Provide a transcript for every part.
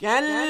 كلا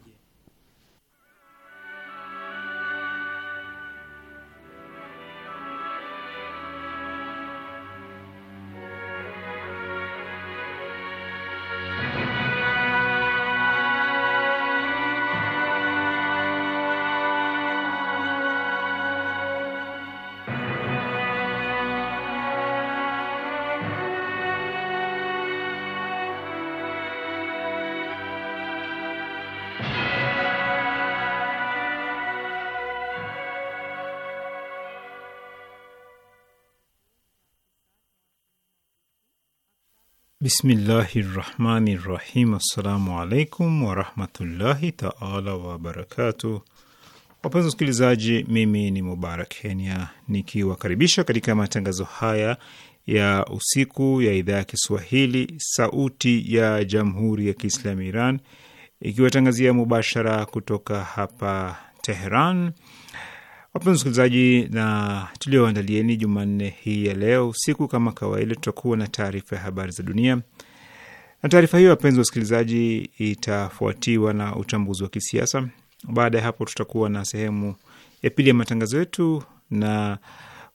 Bismillahi rahmani rahim. Assalamu alaikum warahmatullahi taala wabarakatuh. Wapenzi wasikilizaji, mimi ni Mubarak Kenya nikiwakaribisha katika matangazo haya ya usiku ya idhaa ya Kiswahili Sauti ya Jamhuri ya Kiislamu Iran ikiwatangazia mubashara kutoka hapa Teheran Wapenzi msikilizaji, na tulioandalieni Jumanne hii ya leo usiku, kama kawaida, tutakuwa na taarifa ya habari za dunia, na taarifa hiyo, wapenzi usikilizaji, itafuatiwa na uchambuzi wa kisiasa. Baada ya hapo, tutakuwa na sehemu ya pili ya matangazo yetu, na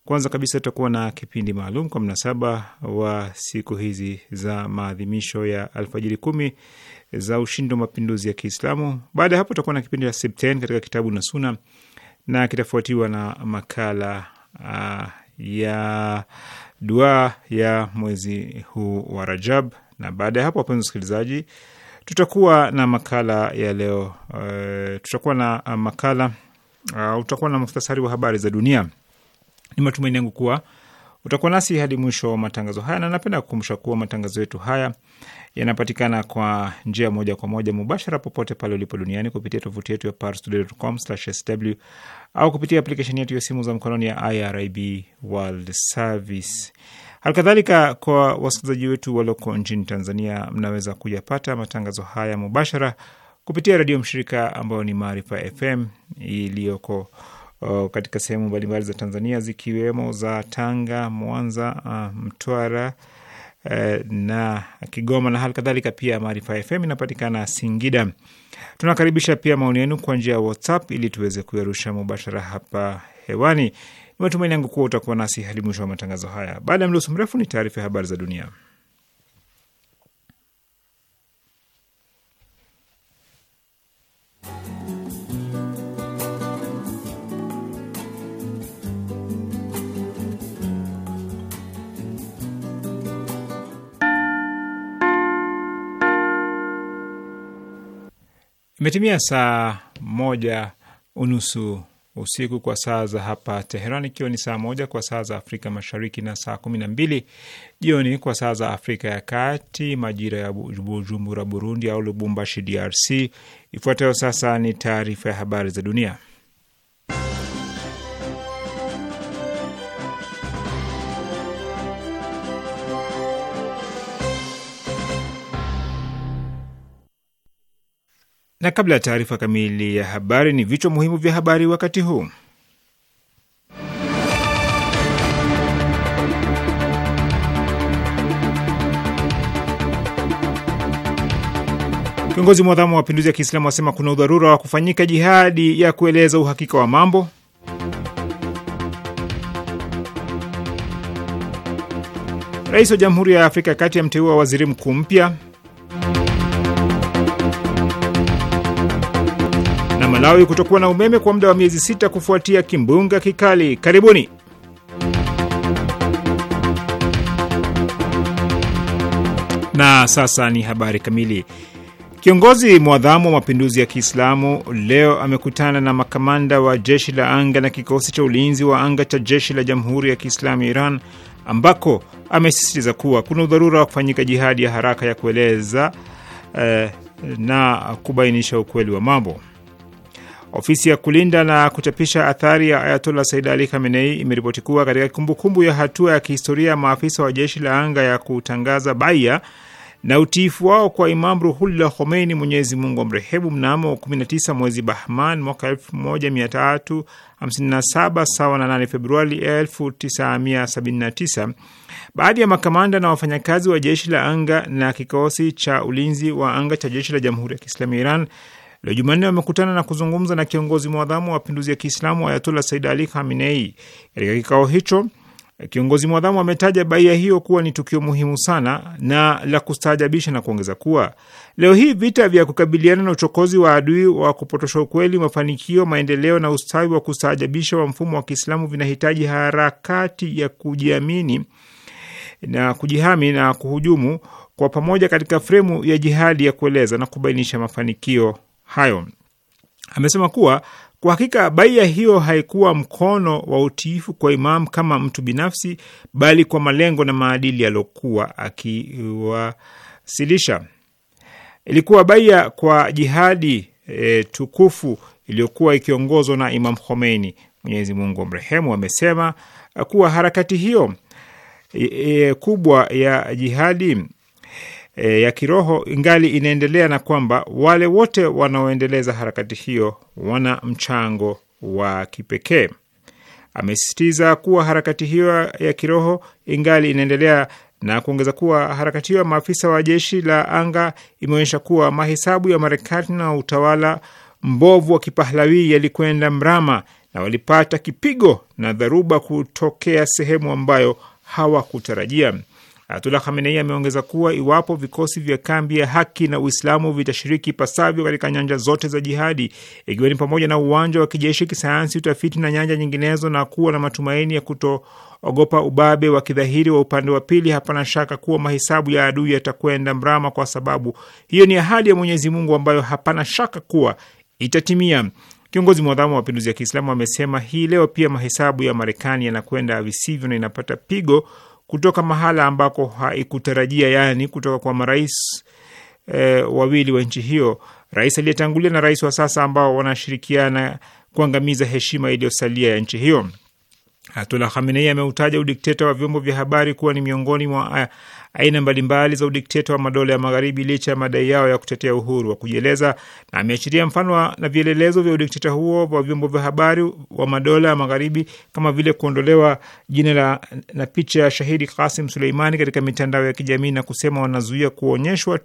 kwanza kabisa tutakuwa na kipindi maalum kwa mnasaba wa siku hizi za maadhimisho ya alfajiri kumi za ushindi wa mapinduzi ya Kiislamu. Baada ya hapo, tutakuwa na kipindi cha Sibten katika kitabu na Suna na kitafuatiwa na makala uh, ya dua ya mwezi huu wa Rajab, na baada ya hapo, wapenzi wasikilizaji, tutakuwa na makala ya leo uh, tutakuwa na makala uh, utakuwa na muhtasari wa habari za dunia. Ni matumaini yangu kuwa Utakuwa nasi hadi mwisho wa matangazo haya, na napenda kukumbusha kuwa matangazo yetu haya yanapatikana kwa njia moja kwa moja mubashara popote pale ulipo duniani kupitia tovuti yetu ya parstoday.com/sw au kupitia aplikesheni yetu ya simu za mkononi ya IRIB World Service. Halikadhalika, kwa wasikilizaji wetu walioko nchini Tanzania, mnaweza kuyapata matangazo haya mubashara kupitia redio mshirika ambayo ni Maarifa FM iliyoko katika sehemu mbalimbali za Tanzania zikiwemo za Tanga, Mwanza, uh, Mtwara e, na Kigoma na hali kadhalika. Pia Maarifa FM inapatikana Singida. Tunakaribisha pia maoni yenu kwa njia ya WhatsApp ili tuweze kuyarusha mubashara hapa hewani. Ni matumaini yangu kuwa utakuwa nasi hadi mwisho wa matangazo haya. Baada ya mdoso mrefu, ni taarifa ya habari za dunia. Imetimia saa moja unusu usiku kwa saa za hapa Teheran, ikiwa ni saa moja kwa saa za Afrika Mashariki na saa kumi na mbili jioni kwa saa za Afrika ya Kati, majira ya Bujumbura Burundi au Lubumbashi DRC. Ifuatayo sasa ni taarifa ya habari za dunia. Na kabla ya taarifa kamili ya habari, ni vichwa muhimu vya habari wakati huu. Kiongozi mwadhamu wa mapinduzi ya Kiislamu asema kuna udharura wa kufanyika jihadi ya kueleza uhakika wa mambo. Rais wa Jamhuri ya Afrika Kati amteua waziri mkuu mpya. Malawi kutokuwa na umeme kwa muda wa miezi sita kufuatia kimbunga kikali. Karibuni. Na sasa ni habari kamili. Kiongozi mwadhamu wa mapinduzi ya Kiislamu leo amekutana na makamanda wa jeshi la anga na kikosi cha ulinzi wa anga cha jeshi la Jamhuri ya Kiislamu ya Iran ambako amesisitiza kuwa kuna udharura wa kufanyika jihadi ya haraka ya kueleza eh, na kubainisha ukweli wa mambo. Ofisi ya kulinda na kuchapisha athari ya Ayatollah Said Ali Khamenei imeripoti kuwa katika kumbukumbu ya hatua ya kihistoria ya maafisa wa jeshi la anga ya kutangaza baia na utiifu wao kwa Imam Ruhullah Khomeini, Mwenyezi Mungu amrehemu, mnamo 19 mwezi Bahman mwaka 1357 sawa na 8 Februari 1979, baadhi ya makamanda na wafanyakazi wa jeshi la anga na kikosi cha ulinzi wa anga cha jeshi la Jamhuri ya Kiislamu ya Iran Leo Jumanne wamekutana na kuzungumza na kiongozi mwadhamu wa mapinduzi ya Kiislamu Ayatullah Said Ali Khamenei. Katika kikao hicho, kiongozi mwadhamu ametaja baia hiyo kuwa ni tukio muhimu sana na la kustaajabisha na kuongeza kuwa leo hii vita vya kukabiliana na uchokozi wa adui wa kupotosha ukweli, mafanikio, maendeleo na ustawi wa kustaajabisha wa mfumo wa Kiislamu vinahitaji harakati ya kujiamini na kujihami na kuhujumu kwa pamoja katika fremu ya jihadi ya kueleza na kubainisha mafanikio hayo. Amesema kuwa kwa hakika baia hiyo haikuwa mkono wa utiifu kwa Imam kama mtu binafsi, bali kwa malengo na maadili aliyokuwa akiwasilisha. Ilikuwa baia kwa jihadi e, tukufu iliyokuwa ikiongozwa na Imam Khomeini, Mwenyezi Mungu amrehemu. Amesema kuwa harakati hiyo e, e, kubwa ya jihadi e, ya kiroho ingali inaendelea na kwamba wale wote wanaoendeleza harakati hiyo wana mchango wa kipekee. Amesisitiza kuwa harakati hiyo ya kiroho ingali inaendelea na kuongeza kuwa harakati hiyo ya maafisa wa jeshi la anga imeonyesha kuwa mahesabu ya Marekani na utawala mbovu wa Kipahlawi yalikwenda mrama na walipata kipigo na dharuba kutokea sehemu ambayo hawakutarajia. Ayatullah Khamenei ameongeza kuwa iwapo vikosi vya kambi ya haki na Uislamu vitashiriki ipasavyo katika nyanja zote za jihadi, ikiwa ni pamoja na uwanja wa kijeshi, kisayansi, utafiti na nyanja nyinginezo, na kuwa na matumaini ya kutoogopa ubabe wa kidhahiri wa upande wa pili, hapana shaka kuwa mahesabu ya adui yatakwenda mrama, kwa sababu hiyo ni ahadi ya Mwenyezi Mungu ambayo hapana shaka kuwa itatimia. Kiongozi mwadhamu wa mapinduzi ya Kiislamu amesema hii leo pia mahesabu ya Marekani yanakwenda visivyo na inapata pigo kutoka mahala ambako haikutarajia, yaani kutoka kwa marais e, wawili wa nchi hiyo, rais aliyetangulia na rais wa sasa ambao wanashirikiana kuangamiza heshima iliyosalia ya nchi hiyo. Ayatullah Khamenei ameutaja udikteta wa vyombo vya habari kuwa ni miongoni mwa eh, aina mbalimbali za udikteta wa madola ya Magharibi licha ya madai yao ya kutetea uhuru wa kujieleza, na ameashiria mfano na vielelezo vya udikteta huo wa vyombo vya habari wa madola ya Magharibi kama vile kuondolewa jina la na picha ya shahidi Kasim Suleimani katika mitandao ya kijamii na kusema wanazuia kuonyeshwa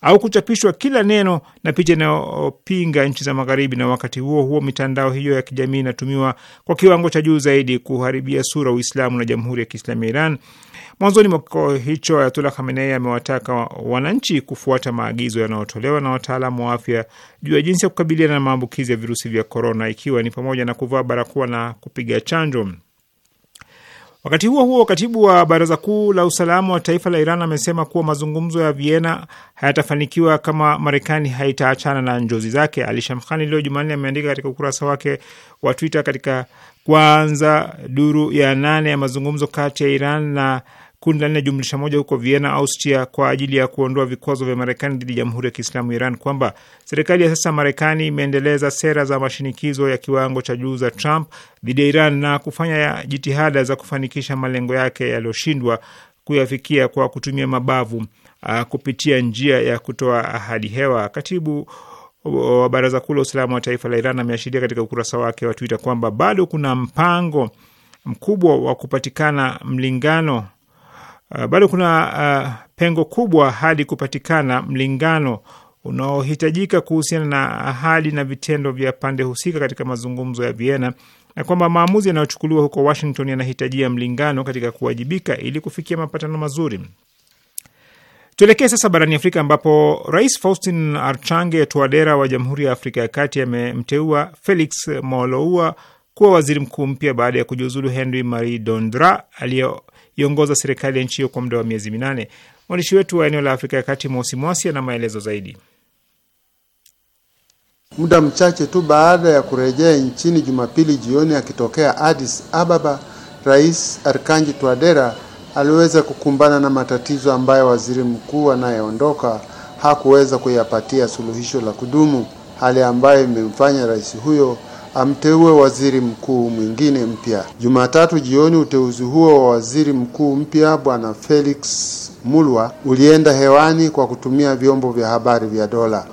au kuchapishwa kila neno na picha inayopinga nchi za Magharibi. Na wakati huo huo, mitandao hiyo ya kijamii inatumiwa kwa kiwango cha juu zaidi kuharibia sura Uislamu na Jamhuri ya Kiislamu ya Iran. Mwanzoni mwa kikao hicho, Ayatullah Khamenei amewataka wananchi kufuata maagizo yanayotolewa na wataalamu wa afya juu ya jinsi ya kukabiliana na maambukizi ya virusi vya korona, ikiwa ni pamoja na kuvaa barakoa na kupiga chanjo. Wakati huo huo, katibu wa baraza kuu la usalama wa taifa la Iran amesema kuwa mazungumzo ya Vienna hayatafanikiwa kama Marekani haitaachana na njozi zake. Ali Shamkhani leo Jumanne ameandika katika ukurasa wake wa Twitter katika kuanza duru ya nane ya mazungumzo kati ya Iran na kundi la nne jumlisha moja huko Vienna, Austria, kwa ajili ya kuondoa vikwazo vya Marekani dhidi ya Jamhuri ya Kiislamu Iran kwamba serikali ya sasa Marekani imeendeleza sera za mashinikizo ya kiwango cha juu za Trump dhidi ya Iran na kufanya jitihada za kufanikisha malengo yake yaliyoshindwa kuyafikia kwa kutumia mabavu uh, kupitia njia ya kutoa ahadi hewa. Katibu wa Baraza Kuu la Usalama wa Taifa la Iran ameashiria katika ukurasa wake wa Twitter kwamba bado kuna mpango mkubwa wa kupatikana mlingano Uh, bado kuna uh, pengo kubwa hadi kupatikana mlingano unaohitajika kuhusiana na ahadi na vitendo vya pande husika katika mazungumzo ya Vienna na kwamba maamuzi yanayochukuliwa huko Washington yanahitajia mlingano katika kuwajibika ili kufikia mapatano mazuri. Tuelekee sasa barani Afrika ambapo Rais Faustin Archange Touadera wa Jamhuri ya Afrika ya Kati amemteua Felix Moloua kuwa waziri mkuu mpya baada ya kujiuzulu Henry Marie Dondra aliyo iongoza serikali ya nchi hiyo kwa muda wa miezi minane. Mwandishi wetu wa eneo la Afrika ya Kati, Mosi Mwasi, ana maelezo zaidi. Muda mchache tu baada ya kurejea nchini Jumapili jioni akitokea Addis Ababa, Rais Arkanji Twadera aliweza kukumbana na matatizo ambayo waziri mkuu anayeondoka hakuweza kuyapatia suluhisho la kudumu, hali ambayo imemfanya rais huyo amteue waziri mkuu mwingine mpya. Jumatatu jioni, uteuzi huo wa waziri mkuu mpya Bwana Felix Mulwa ulienda hewani kwa kutumia vyombo vya habari vya dola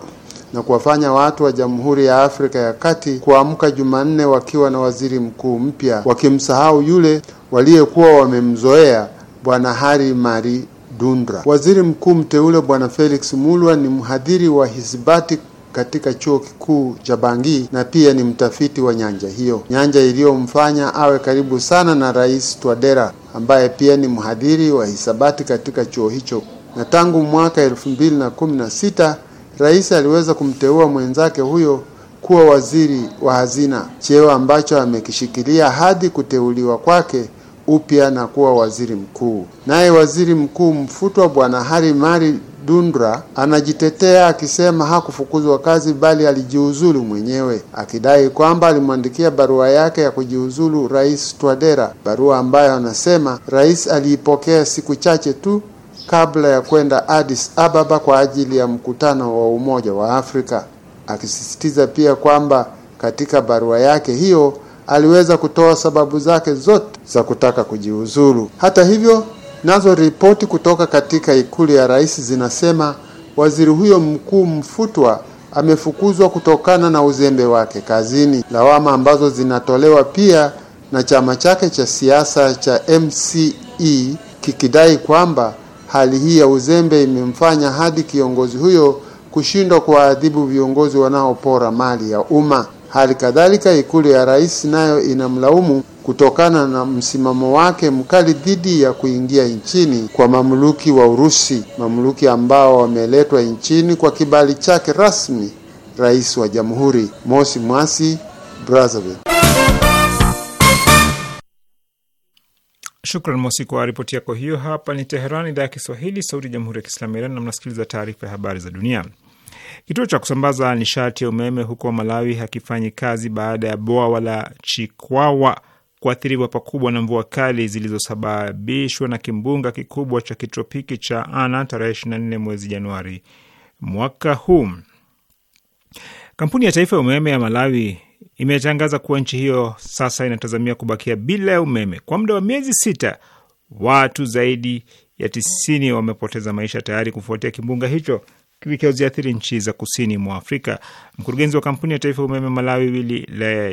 na kuwafanya watu wa Jamhuri ya Afrika ya Kati kuamka Jumanne wakiwa na waziri mkuu mpya, wakimsahau yule waliyekuwa wamemzoea Bwana Hari Mari Dundra. Waziri mkuu mteule Bwana Felix Mulwa ni mhadhiri wa Hisbati katika chuo kikuu cha Bangi na pia ni mtafiti wa nyanja hiyo, nyanja iliyomfanya awe karibu sana na Rais Twadera ambaye pia ni mhadhiri wa hisabati katika chuo hicho. Na tangu mwaka elfu mbili na kumi na sita rais aliweza kumteua mwenzake huyo kuwa waziri wa hazina, cheo ambacho amekishikilia hadi kuteuliwa kwake upya na kuwa waziri mkuu. Naye waziri mkuu mfutwa Bwana mari Dundra anajitetea akisema hakufukuzwa kazi bali alijiuzulu mwenyewe, akidai kwamba alimwandikia barua yake ya kujiuzulu Rais Twadera, barua ambayo anasema rais aliipokea siku chache tu kabla ya kwenda Addis Ababa kwa ajili ya mkutano wa Umoja wa Afrika, akisisitiza pia kwamba katika barua yake hiyo aliweza kutoa sababu zake zote za kutaka kujiuzulu. Hata hivyo Nazo ripoti kutoka katika ikulu ya rais zinasema waziri huyo mkuu Mfutwa amefukuzwa kutokana na uzembe wake kazini, lawama ambazo zinatolewa pia na chama chake cha siasa cha MCE kikidai kwamba hali hii ya uzembe imemfanya hadi kiongozi huyo kushindwa kuwaadhibu viongozi wanaopora mali ya umma. Hali kadhalika ikulu ya rais nayo inamlaumu kutokana na msimamo wake mkali dhidi ya kuingia nchini kwa mamluki wa Urusi, mamluki ambao wameletwa nchini kwa kibali chake rasmi rais wa jamhuri. Mosi Mwasi, Brazzaville. Shukran Mosi kwa ripoti yako hiyo. Hapa ni Teheran, idhaa ya Kiswahili, sauti ya jamhuri ya kiislamu ya Iran, na mnasikiliza taarifa ya habari za dunia. Kituo cha kusambaza nishati ya umeme huko Malawi hakifanyi kazi baada ya bwawa la Chikwawa kuathiriwa pakubwa na mvua kali zilizosababishwa na kimbunga kikubwa cha kitropiki cha Ana tarehe 24 mwezi Januari mwaka huu. Kampuni ya taifa ya umeme ya Malawi imetangaza kuwa nchi hiyo sasa inatazamia kubakia bila ya umeme kwa muda wa miezi sita. Watu zaidi ya tisini wamepoteza maisha tayari kufuatia kimbunga hicho vikiziathiri nchi za kusini mwa Afrika. Mkurugenzi wa kampuni ya taifa ya umeme Malawi, Wili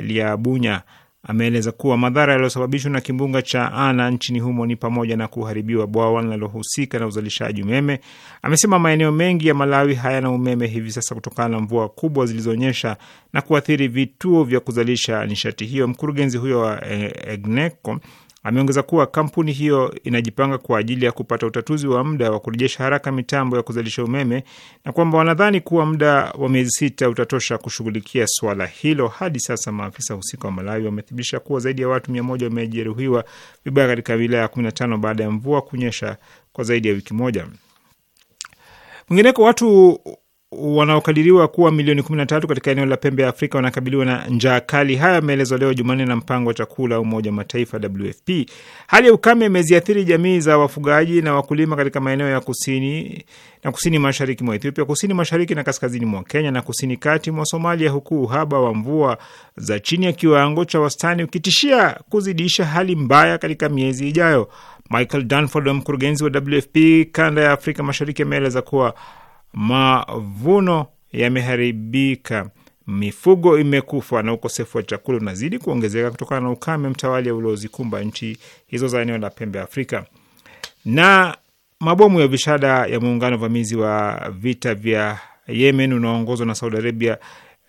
Liabunya, ameeleza kuwa madhara yaliyosababishwa na kimbunga cha Ana nchini humo ni pamoja na kuharibiwa bwawa linalohusika na uzalishaji umeme. Amesema maeneo mengi ya Malawi hayana umeme hivi sasa kutokana na mvua kubwa zilizonyesha na kuathiri vituo vya kuzalisha nishati hiyo. Mkurugenzi huyo wa eh, EGNECO Ameongeza kuwa kampuni hiyo inajipanga kwa ajili ya kupata utatuzi wa muda wa kurejesha haraka mitambo ya kuzalisha umeme na kwamba wanadhani kuwa muda wa miezi sita utatosha kushughulikia swala hilo. Hadi sasa maafisa husika wa Malawi wamethibitisha kuwa zaidi ya watu mia moja wamejeruhiwa vibaya katika wilaya kumi na tano baada ya mvua kunyesha kwa zaidi ya wiki moja. Mwingineko, watu wanaokadiriwa kuwa milioni 13 katika eneo la pembe ya Afrika wanakabiliwa na njaa kali. Haya yameelezwa leo Jumanne na mpango wa chakula wa Umoja wa Mataifa, WFP. Hali ya ukame imeziathiri jamii za wafugaji na wakulima katika maeneo ya kusini na kusini mashariki mwa Ethiopia, kusini mashariki na kaskazini mwa Kenya na kusini kati mwa Somalia, huku uhaba wa mvua za chini ya kiwango cha wastani ukitishia kuzidisha hali mbaya katika miezi ijayo. Michael Danford, mkurugenzi wa WFP kanda ya Afrika Mashariki, ameeleza kuwa mavuno yameharibika, mifugo imekufa na ukosefu wa chakula unazidi kuongezeka kutokana na ukame mtawali uliozikumba nchi hizo za eneo la pembe Afrika. Na mabomu ya vishada ya muungano vamizi wa vita vya Yemen unaoongozwa na Saudi Arabia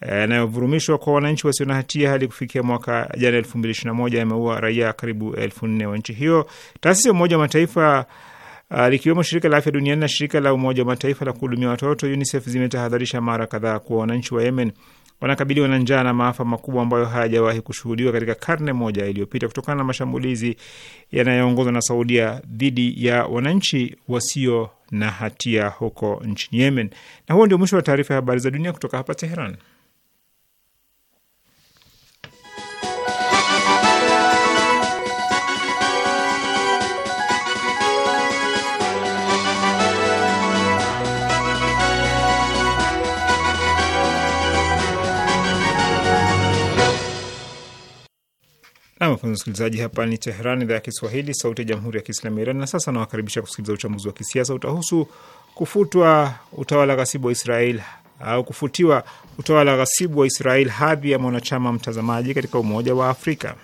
eh, yanayovurumishwa kwa wananchi wasio na hatia hadi kufikia mwaka jana elfu mbili ishirini na moja yameua raia karibu elfu nne wa nchi hiyo. Taasisi ya Umoja wa Mataifa Ah, likiwemo shirika la afya duniani na shirika la Umoja wa Mataifa la kuhudumia watoto UNICEF zimetahadharisha mara kadhaa kuwa wananchi wa Yemen wanakabiliwa na njaa na maafa makubwa ambayo hayajawahi kushuhudiwa katika karne moja iliyopita kutokana na mashambulizi yanayoongozwa na Saudia dhidi ya wananchi wasio na hatia huko nchini Yemen. Na huo ndio mwisho wa taarifa ya habari za dunia kutoka hapa Teheran. nam wapenzi wasikilizaji, hapa ni Teheran, idhaa ya Kiswahili, sauti ya jamhuri ya kiislamu ya Iran. Na sasa nawakaribisha kusikiliza uchambuzi wa kisiasa. Utahusu kufutwa utawala ghasibu wa Israel au kufutiwa utawala ghasibu wa Israel hadhi ya mwanachama mtazamaji katika Umoja wa Afrika.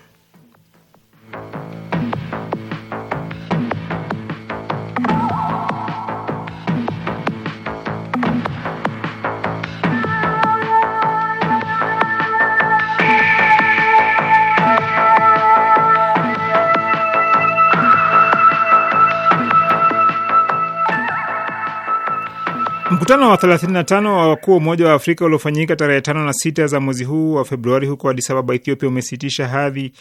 Mkutano wa 35 wa wakuu wa Umoja wa Afrika uliofanyika tarehe tano na sita za mwezi huu wa Februari huko Addis Ababa, Ethiopia, umesitisha hadhi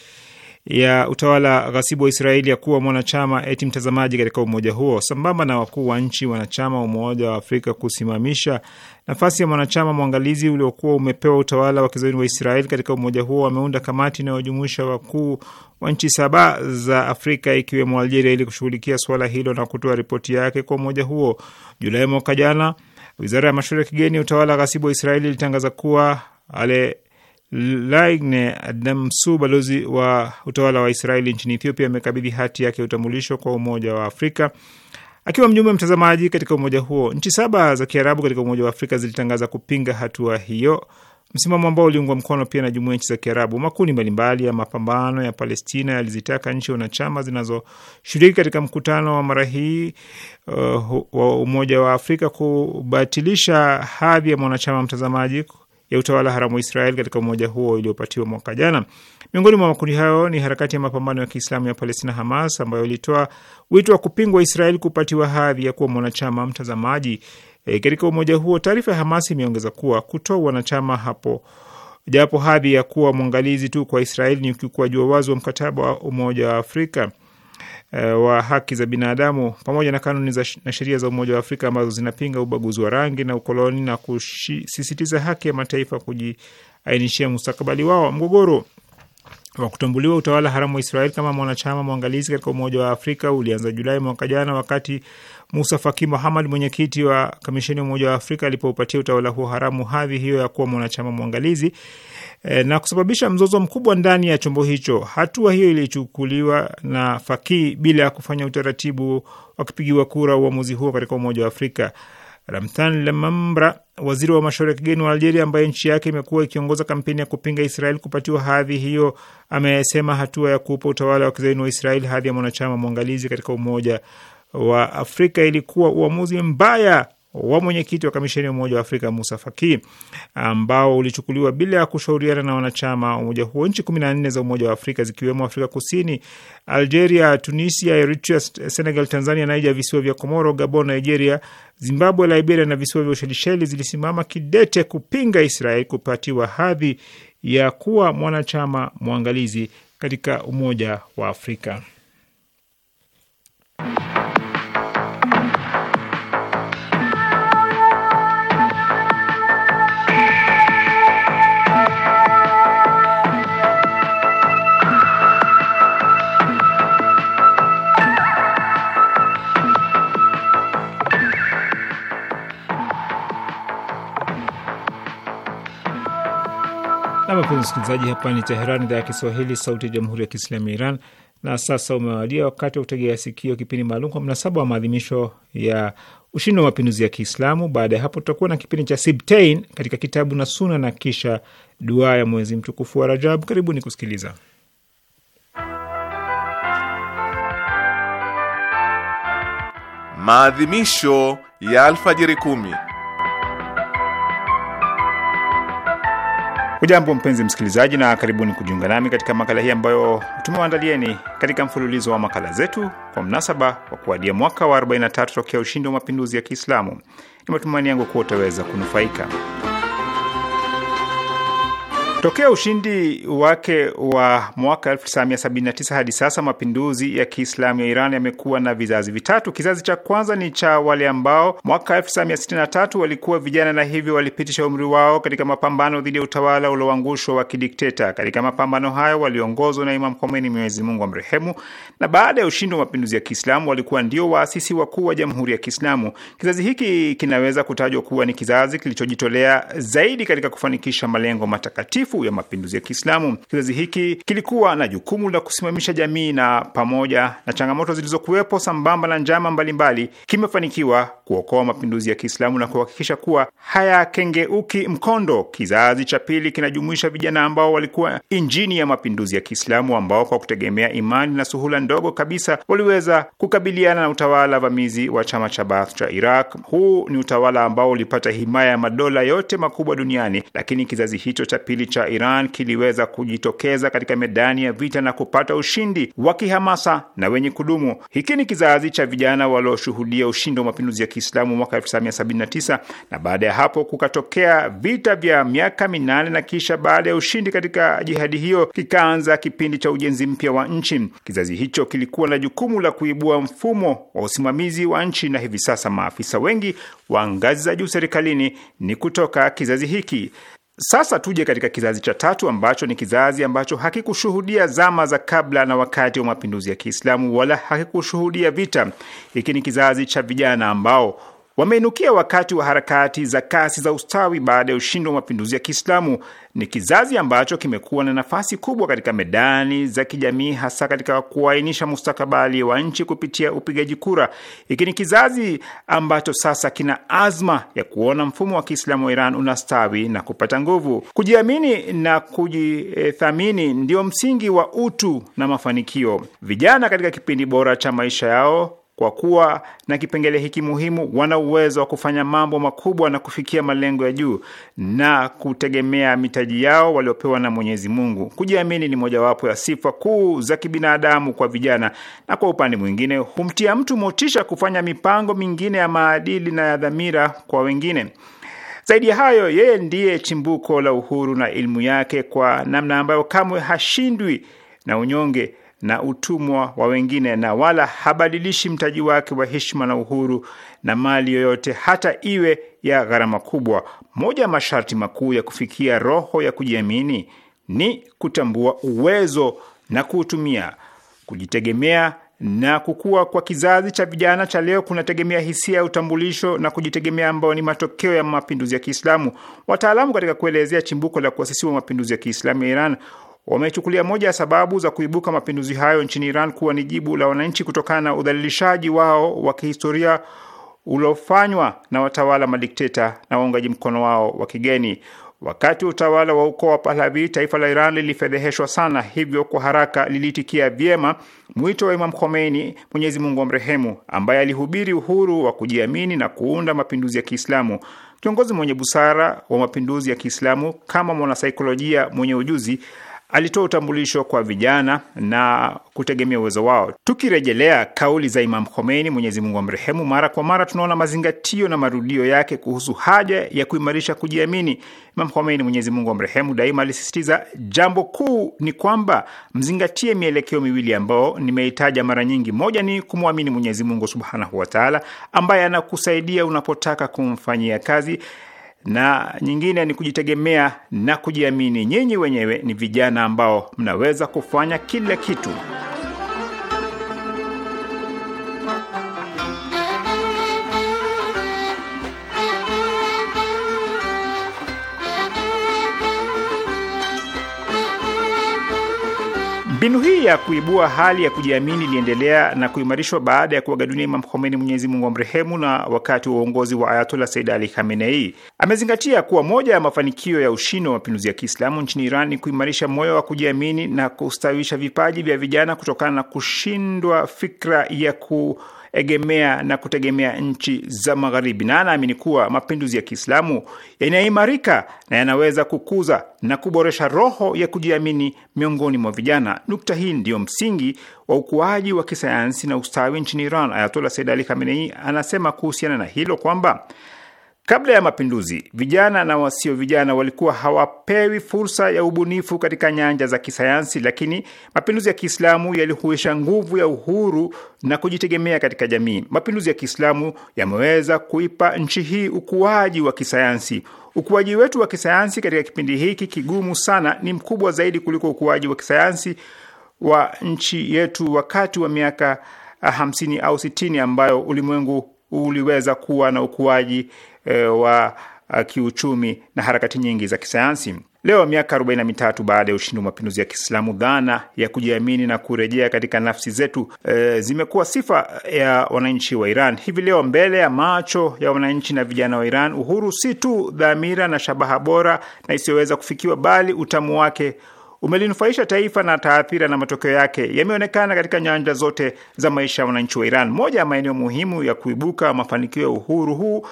ya utawala ghasibu wa Israeli ya kuwa mwanachama eti mtazamaji katika umoja huo, sambamba na wakuu wa nchi wanachama wa Umoja wa Afrika kusimamisha nafasi ya mwanachama mwangalizi uliokuwa umepewa utawala wa kizayuni wa Israeli katika umoja huo. Wameunda kamati inayojumuisha wakuu wa nchi saba za Afrika ikiwemo Algeria ili kushughulikia suala hilo na kutoa ripoti yake kwa umoja huo Julai mwaka jana. Wizara ya mashauri ya kigeni utawala ghasibu wa Israeli ilitangaza kuwa Laigne Adamsu, balozi wa utawala wa Israeli nchini Ethiopia, amekabidhi hati yake ya utambulisho kwa Umoja wa Afrika akiwa mjumbe mtazamaji katika umoja huo. Nchi saba za Kiarabu katika Umoja wa Afrika zilitangaza kupinga hatua hiyo msimamo ambao uliungwa mkono pia na jumuiya nchi za Kiarabu. Makundi mbalimbali ya mapambano ya Palestina yalizitaka nchi wanachama zinazoshiriki katika mkutano wa mara hii uh, wa Umoja wa Afrika kubatilisha hadhi ya mwanachama mtazamaji ya utawala haramu wa Israel katika umoja huo uliopatiwa mwaka jana. Miongoni mwa makundi hayo ni harakati ya mapambano ya Kiislamu ya Palestina, Hamas, ambayo ilitoa wito wa kupingwa Israel kupatiwa hadhi ya kuwa mwanachama mtazamaji e, katika umoja huo. Taarifa ya Hamas imeongeza kuwa kutoa wanachama hapo japo hadhi ya kuwa mwangalizi tu kwa Israel ni ukiukwaji wa wazi wa mkataba wa Umoja wa Afrika. Eh, wa haki za binadamu pamoja na kanuni za na sheria za Umoja wa Afrika ambazo zinapinga ubaguzi wa rangi na ukoloni na kusisitiza haki ya mataifa kujiainishia mustakabali wao. Mgogoro wa kutambuliwa utawala haramu wa Israel kama mwanachama mwangalizi katika Umoja wa Afrika ulianza Julai mwaka jana wakati Musa Faki Muhamad, mwenyekiti wa kamisheni ya Umoja wa Afrika, alipoupatia utawala huo haramu hadhi hiyo ya kuwa mwanachama mwangalizi Eh, na kusababisha mzozo mkubwa ndani ya chombo hicho. Hatua hiyo ilichukuliwa na Faki bila ya kufanya utaratibu wakipigiwa kura uamuzi huo katika Umoja wa Afrika. Ramthan Lemambra, waziri wa mashauri ya kigeni wa Algeria ambaye nchi yake imekuwa ikiongoza kampeni ya kupinga Israel kupatiwa hadhi hiyo, amesema hatua ya kuupa utawala wa kizaini wa Israel hadhi ya mwanachama mwangalizi katika Umoja wa Afrika ilikuwa uamuzi mbaya wa mwenyekiti wa kamisheni ya Umoja wa Afrika Musa Faki, ambao ulichukuliwa bila ya kushauriana na wanachama wa umoja huo. Nchi kumi na nne za Umoja wa Afrika zikiwemo Afrika Kusini, Algeria, Tunisia, Eritrea, Senegal, Tanzania, Niger, visiwa vya Komoro, Gabon, Nigeria, Zimbabwe, Liberia na visiwa vya Ushelisheli zilisimama kidete kupinga Israel kupatiwa hadhi ya kuwa mwanachama mwangalizi katika Umoja wa Afrika. na msikilizaji, hapa ni Teheran, idhaa ya Kiswahili, sauti ya jamhuri ya kiislamu ya Iran. Na sasa umewadia wakati wa kutegea sikio kipindi maalum kwa mnasaba wa maadhimisho ya ushindi wa mapinduzi ya Kiislamu. Baada ya hapo, tutakuwa na kipindi cha Sibtain katika kitabu na Suna na kisha dua ya mwezi mtukufu wa Rajab. Karibuni kusikiliza. Maadhimisho ya alfajiri kumi. Hujambo mpenzi msikilizaji, na karibuni kujiunga nami katika makala hii ambayo tumewaandalieni katika mfululizo wa makala zetu kwa mnasaba wa kuadia mwaka wa 43 tokea ushindi wa mapinduzi ya Kiislamu. Ni matumaini yangu kuwa utaweza kunufaika. Tokea ushindi wake wa mwaka 1979 hadi sasa, mapinduzi ya Kiislamu ya Iran yamekuwa na vizazi vitatu. Kizazi cha kwanza ni cha wale ambao mwaka 1963 walikuwa vijana na hivyo walipitisha umri wao katika mapambano dhidi ya utawala ulioangushwa wa kidikteta. Katika mapambano hayo waliongozwa na Imam Khomeini, Mwenyezi Mungu amrehemu, na baada ya ushindi wa mapinduzi ya Kiislamu walikuwa ndio waasisi wakuu wa Jamhuri ya Kiislamu. Kizazi hiki kinaweza kutajwa kuwa ni kizazi kilichojitolea zaidi katika kufanikisha malengo matakatifu ya mapinduzi ya Kiislamu. Kizazi hiki kilikuwa na jukumu la kusimamisha jamii na pamoja na changamoto zilizokuwepo sambamba na njama mbalimbali, kimefanikiwa kuokoa mapinduzi ya Kiislamu na kuhakikisha kuwa hayakengeuki mkondo. Kizazi cha pili kinajumuisha vijana ambao walikuwa injini ya mapinduzi ya Kiislamu, ambao kwa kutegemea imani na suhula ndogo kabisa waliweza kukabiliana na utawala vamizi wa chama cha Baath cha Iraq. Huu ni utawala ambao ulipata himaya ya madola yote makubwa duniani, lakini kizazi hicho cha pili cha Iran kiliweza kujitokeza katika medani ya vita na kupata ushindi wa kihamasa na wenye kudumu. Hiki ni kizazi cha vijana walioshuhudia ushindi wa mapinduzi ya Kiislamu mwaka 1979 na baada ya hapo kukatokea vita vya miaka minane na kisha baada ya ushindi katika jihadi hiyo kikaanza kipindi cha ujenzi mpya wa nchi. Kizazi hicho kilikuwa na jukumu la kuibua mfumo wa usimamizi wa nchi, na hivi sasa maafisa wengi wa ngazi za juu serikalini ni kutoka kizazi hiki. Sasa tuje katika kizazi cha tatu ambacho ni kizazi ambacho hakikushuhudia zama za kabla na wakati wa mapinduzi ya Kiislamu wala hakikushuhudia vita. Hiki ni kizazi cha vijana ambao wameinukia wakati wa harakati za kasi za ustawi baada ya ushindi wa mapinduzi ya Kiislamu. Ni kizazi ambacho kimekuwa na nafasi kubwa katika medani za kijamii, hasa katika kuainisha mustakabali wa nchi kupitia upigaji kura. Hiki ni kizazi ambacho sasa kina azma ya kuona mfumo wa Kiislamu wa Iran unastawi na kupata nguvu. Kujiamini na kujithamini ndio msingi wa utu na mafanikio. Vijana katika kipindi bora cha maisha yao kwa kuwa na kipengele hiki muhimu, wana uwezo wa kufanya mambo makubwa na kufikia malengo ya juu na kutegemea mitaji yao waliopewa na Mwenyezi Mungu. Kujiamini ni mojawapo ya sifa kuu za kibinadamu kwa vijana, na kwa upande mwingine humtia mtu motisha kufanya mipango mingine ya maadili na ya dhamira kwa wengine. Zaidi ya hayo, yeye ndiye chimbuko la uhuru na elimu yake, kwa namna ambayo kamwe hashindwi na unyonge na utumwa wa wengine na wala habadilishi mtaji wake wa heshima na uhuru na mali yoyote hata iwe ya gharama kubwa. Moja ya masharti makuu ya kufikia roho ya kujiamini ni kutambua uwezo na kuutumia. Kujitegemea na kukua kwa kizazi cha vijana cha leo kunategemea hisia ya utambulisho na kujitegemea ambayo ni matokeo ya mapinduzi ya Kiislamu. Wataalamu katika kuelezea chimbuko la kuasisiwa mapinduzi ya Kiislamu ya Iran wamechukulia moja ya sababu za kuibuka mapinduzi hayo nchini Iran kuwa ni jibu la wananchi kutokana na udhalilishaji wao wa kihistoria uliofanywa na watawala madikteta na waungaji mkono wao wa kigeni. Wakati wa utawala wa ukoo wa Pahlavi, taifa la Iran lilifedheheshwa sana, hivyo kwa haraka liliitikia vyema mwito wa Imam Khomeini, Mwenyezi Mungu amrehemu, ambaye alihubiri uhuru wa kujiamini na kuunda mapinduzi ya Kiislamu. Kiongozi mwenye busara wa mapinduzi ya Kiislamu, kama mwanasaikolojia mwenye ujuzi alitoa utambulisho kwa vijana na kutegemea uwezo wao. Tukirejelea kauli za Imam Khomeini, Mwenyezi Mungu amrehemu, mara kwa mara tunaona mazingatio na marudio yake kuhusu haja ya kuimarisha kujiamini. Imam Khomeini, Mwenyezi Mungu amrehemu, daima alisisitiza jambo kuu ni kwamba mzingatie mielekeo miwili ambao nimeitaja mara nyingi. Moja ni kumwamini Mwenyezi Mungu subhanahu wataala, ambaye anakusaidia unapotaka kumfanyia kazi na nyingine ni kujitegemea na kujiamini. Nyinyi wenyewe ni vijana ambao mnaweza kufanya kila kitu. Mbinu hii ya kuibua hali ya kujiamini iliendelea na kuimarishwa baada ya kuaga dunia Imam Khomeini, Mwenyezi Mungu amrehemu, na wakati wa uongozi wa Ayatollah Said Ali Khamenei. Amezingatia kuwa moja ya mafanikio ya ushindi wa mapinduzi ya Kiislamu nchini Iran ni kuimarisha moyo wa kujiamini na kustawisha vipaji vya vijana kutokana na kushindwa fikra ya ku egemea na kutegemea nchi za Magharibi, na anaamini kuwa mapinduzi ya Kiislamu yanaimarika na yanaweza kukuza na kuboresha roho ya kujiamini miongoni mwa vijana. Nukta hii ndiyo msingi wa ukuaji wa kisayansi na ustawi nchini Iran. Ayatola Said Ali Khamenei anasema kuhusiana na hilo kwamba Kabla ya mapinduzi, vijana na wasio vijana walikuwa hawapewi fursa ya ubunifu katika nyanja za kisayansi, lakini mapinduzi ya Kiislamu yalihuisha nguvu ya uhuru na kujitegemea katika jamii. Mapinduzi ya Kiislamu yameweza kuipa nchi hii ukuaji wa kisayansi. Ukuaji wetu wa kisayansi katika kipindi hiki kigumu sana ni mkubwa zaidi kuliko ukuaji wa kisayansi wa nchi yetu wakati wa miaka 50 au 60 ambayo ulimwengu uliweza kuwa na ukuaji Eh, wa eh, kiuchumi na harakati nyingi za kisayansi. Leo miaka 43 baada ya ushindi wa mapinduzi ya Kiislamu, dhana ya kujiamini na kurejea katika nafsi zetu e, zimekuwa sifa ya wananchi wa Iran. Hivi leo mbele ya macho ya wananchi na vijana wa Iran, uhuru si tu dhamira na shabaha bora na isiyoweza kufikiwa, bali utamu wake umelinufaisha taifa na taathira na matokeo yake yameonekana katika nyanja zote za maisha ya wananchi wa Iran. Moja ya maeneo muhimu ya kuibuka mafanikio ya uhuru huu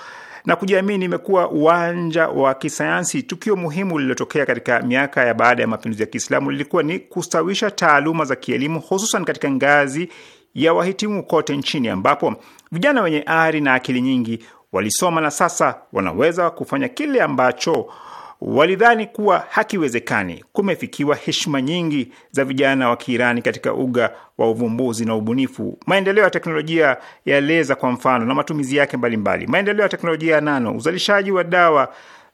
na kujiamini imekuwa uwanja wa kisayansi. Tukio muhimu lililotokea katika miaka ya baada ya mapinduzi ya Kiislamu lilikuwa ni kustawisha taaluma za kielimu, hususan katika ngazi ya wahitimu kote nchini, ambapo vijana wenye ari na akili nyingi walisoma na sasa wanaweza kufanya kile ambacho walidhani kuwa hakiwezekani. Kumefikiwa heshima nyingi za vijana wa Kiirani katika uga wa uvumbuzi na ubunifu. Maendeleo ya teknolojia ya leza kwa mfano na matumizi yake mbalimbali, maendeleo ya teknolojia ya nano, uzalishaji wa dawa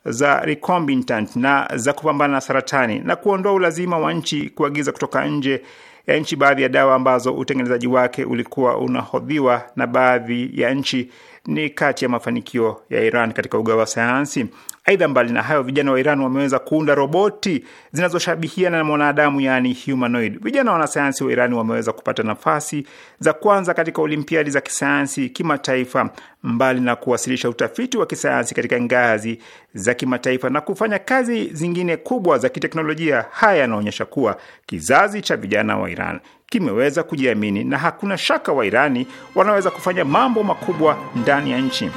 za recombinant na za kupambana na saratani na kuondoa ulazima wa nchi kuagiza kutoka nje ya nchi baadhi ya dawa ambazo utengenezaji wake ulikuwa unahodhiwa na baadhi ya nchi ni kati ya mafanikio ya Iran katika uga wa sayansi. Aidha, mbali na hayo, vijana wa Iran wameweza kuunda roboti zinazoshabihiana na mwanadamu, yani humanoid. Vijana wanasayansi wa Iran wameweza kupata nafasi za kwanza katika olimpiadi za kisayansi kimataifa, mbali na kuwasilisha utafiti wa kisayansi katika ngazi za kimataifa na kufanya kazi zingine kubwa za kiteknolojia. Haya yanaonyesha kuwa kizazi cha vijana wa Iran kimeweza kujiamini na hakuna shaka wa irani wanaweza kufanya mambo makubwa ndani ya nchi.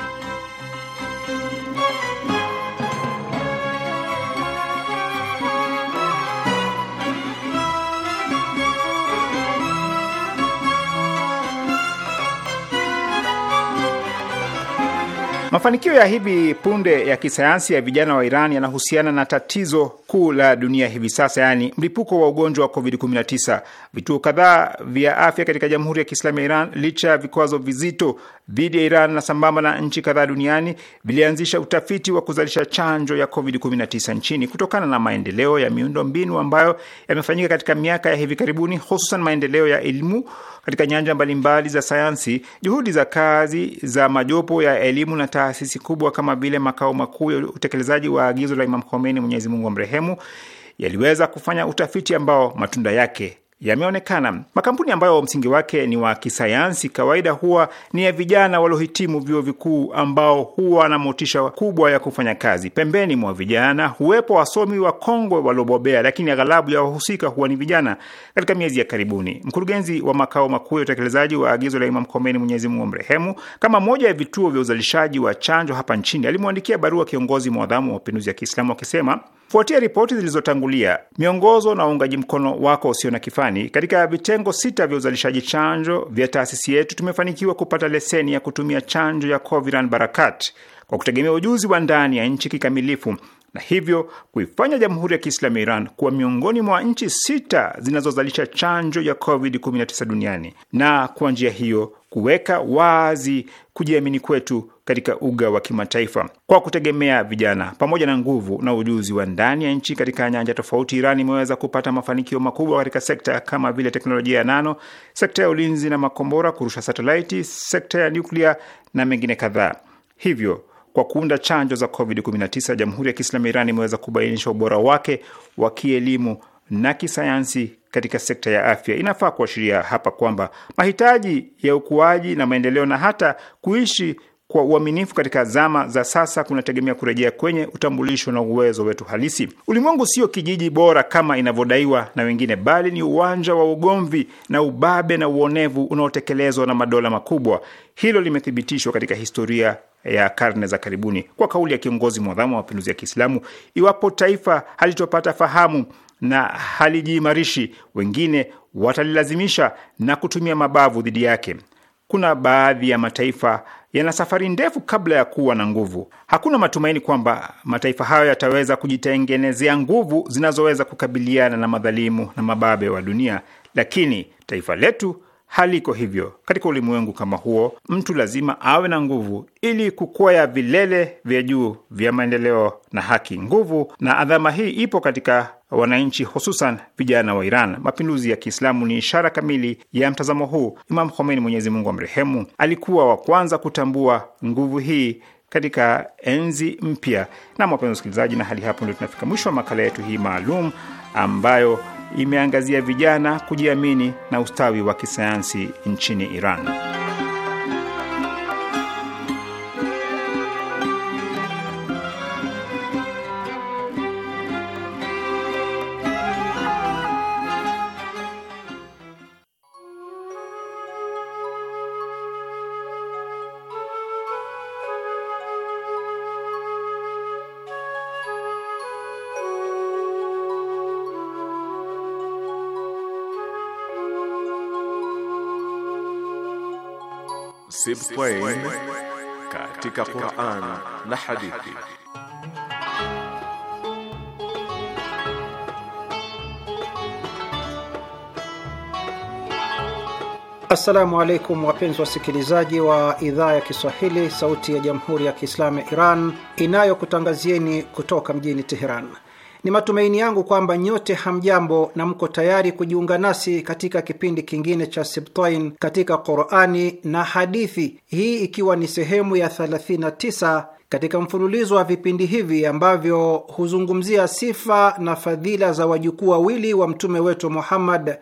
Mafanikio ya hivi punde ya kisayansi ya vijana wa Iran yanahusiana na tatizo kuu la dunia hivi sasa, yaani mlipuko wa ugonjwa wa COVID-19. Vituo kadhaa vya afya katika Jamhuri ya Kiislamu ya Iran, licha ya vikwazo vizito dhidi ya Iran na sambamba na nchi kadhaa duniani, vilianzisha utafiti wa kuzalisha chanjo ya COVID-19 nchini kutokana na maendeleo ya miundo mbinu ambayo yamefanyika katika miaka ya hivi karibuni, hususan maendeleo ya elimu katika nyanja mbalimbali za sayansi. Juhudi za kazi za majopo ya elimu na taasisi kubwa kama vile makao makuu ya utekelezaji wa agizo la Imam Khomeini, Mwenyezi Mungu amrehemu, yaliweza kufanya utafiti ambao matunda yake yameonekana. Makampuni ambayo msingi wake ni wa kisayansi kawaida huwa ni ya vijana waliohitimu vyuo vikuu ambao huwa na motisha kubwa ya kufanya kazi. Pembeni mwa vijana huwepo wasomi wakongwe waliobobea, lakini aghalabu ya wahusika huwa ni vijana. Katika miezi ya karibuni, mkurugenzi wa makao makuu ya utekelezaji wa agizo la Imam Khomeini, Mwenyezi Mungu amrehemu, kama moja ya vituo vya uzalishaji wa chanjo hapa nchini alimwandikia barua kiongozi mwadhamu wa mapinduzi ya Kiislamu akisema, kufuatia ripoti zilizotangulia, miongozo na uungaji mkono wako usio na kifani Marekani. Katika vitengo sita vya uzalishaji chanjo vya taasisi yetu tumefanikiwa kupata leseni ya kutumia chanjo ya Coviran Barakat kwa kutegemea ujuzi wa ndani ya nchi kikamilifu na hivyo kuifanya Jamhuri ya Kiislamu ya Iran kuwa miongoni mwa nchi sita zinazozalisha chanjo ya COVID-19 duniani na kwa njia hiyo kuweka wazi kujiamini kwetu katika uga wa kimataifa kwa kutegemea vijana pamoja na nguvu na ujuzi wa ndani ya nchi katika nyanja tofauti. Iran imeweza kupata mafanikio makubwa katika sekta kama vile teknolojia ya nano, sekta ya ulinzi na makombora, kurusha satelaiti, sekta ya nyuklia na mengine kadhaa. Hivyo kwa kuunda chanjo za COVID-19, Jamhuri ya Kiislamu ya Iran imeweza kubainisha ubora wake wa kielimu na kisayansi katika sekta ya afya. Inafaa kuashiria hapa kwamba mahitaji ya ukuaji na maendeleo na hata kuishi kwa uaminifu katika zama za sasa kunategemea kurejea kwenye utambulisho na uwezo wetu halisi. Ulimwengu sio kijiji bora kama inavyodaiwa na wengine, bali ni uwanja wa ugomvi na ubabe na uonevu unaotekelezwa na madola makubwa. Hilo limethibitishwa katika historia ya karne za karibuni kwa kauli ya kiongozi mwadhamu wa mapinduzi ya Kiislamu, iwapo taifa halitopata fahamu na halijiimarishi, wengine watalilazimisha na kutumia mabavu dhidi yake. Kuna baadhi ya mataifa yana safari ndefu kabla ya kuwa na nguvu. Hakuna matumaini kwamba mataifa hayo yataweza kujitengenezea nguvu zinazoweza kukabiliana na madhalimu na mababe wa dunia, lakini taifa letu haliko hivyo. Katika ulimwengu kama huo, mtu lazima awe na nguvu ili kukwea vilele vya juu vya maendeleo na haki. Nguvu na adhama hii ipo katika wananchi, hususan vijana wa Iran. Mapinduzi ya Kiislamu ni ishara kamili ya mtazamo huu. Imam Khomeini, Mwenyezi Mungu amrehemu, alikuwa wa kwanza kutambua nguvu hii katika enzi mpya. Na wapenzi wasikilizaji, na hali hapo ndio tunafika mwisho wa makala yetu hii maalum ambayo imeangazia vijana kujiamini na ustawi wa kisayansi nchini Iran. Sibtain katika Qur'an na hadithi. Assalamu alaikum wapenzi wasikilizaji wa idhaa ya Kiswahili sauti ya Jamhuri ya Kiislamu ya Iran inayokutangazieni kutoka mjini Teheran. Ni matumaini yangu kwamba nyote hamjambo na mko tayari kujiunga nasi katika kipindi kingine cha Sibtain katika Qurani na hadithi, hii ikiwa ni sehemu ya 39 katika mfululizo wa vipindi hivi ambavyo huzungumzia sifa na fadhila za wajukuu wawili wa mtume wetu Muhammad,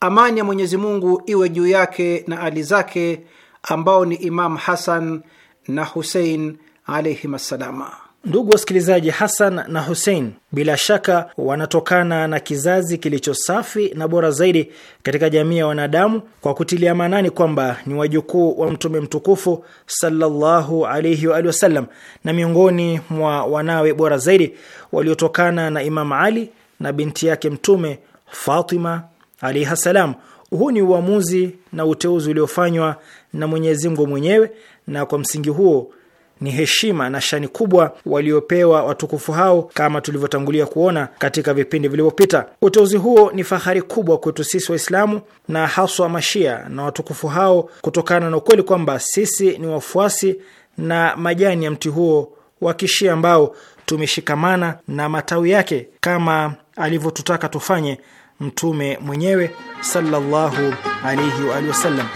amani ya Mwenyezi Mungu iwe juu yake na ali zake, ambao ni Imam Hasan na Husein alaihim assalama. Ndugu wasikilizaji, Hasan na Hussein bila shaka wanatokana na kizazi kilicho safi na bora zaidi katika jamii ya wanadamu, kwa kutilia maanani kwamba ni wajukuu wa Mtume mtukufu sallallahu alaihi waalihi wasallam, na miongoni mwa wanawe bora zaidi waliotokana na Imam Ali na binti yake Mtume Fatima alaihi salam. Huu ni uamuzi na uteuzi uliofanywa na Mwenyezi Mungu mwenyewe, na kwa msingi huo ni heshima na shani kubwa waliopewa watukufu hao, kama tulivyotangulia kuona katika vipindi vilivyopita. Uteuzi huo ni fahari kubwa kwetu sisi Waislamu na haswa Mashia na watukufu hao, kutokana na ukweli kwamba sisi ni wafuasi na majani ya mti huo wa Kishia ambao tumeshikamana na matawi yake kama alivyotutaka tufanye Mtume mwenyewe sallallahu alaihi wa alihi wasallam.